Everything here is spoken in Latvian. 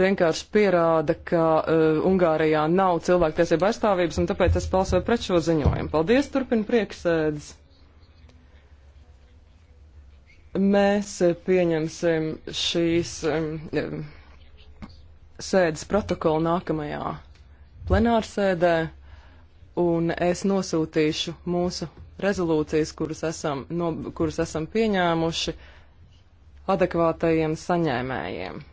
vienkārši pierāda, ka uh, Ungārijā nav cilvēktiesība aizstāvības, un tāpēc es balsoju pret šo ziņojumu. Paldies, turpina prieksēdis. Mēs eh, pieņemsim šīs um, sēdes protokolu nākamajā plenārsēdē, un es nosūtīšu mūsu rezolūcijas, kuras esam, no, kuras esam pieņēmuši, adekvātajiem saņēmējiem.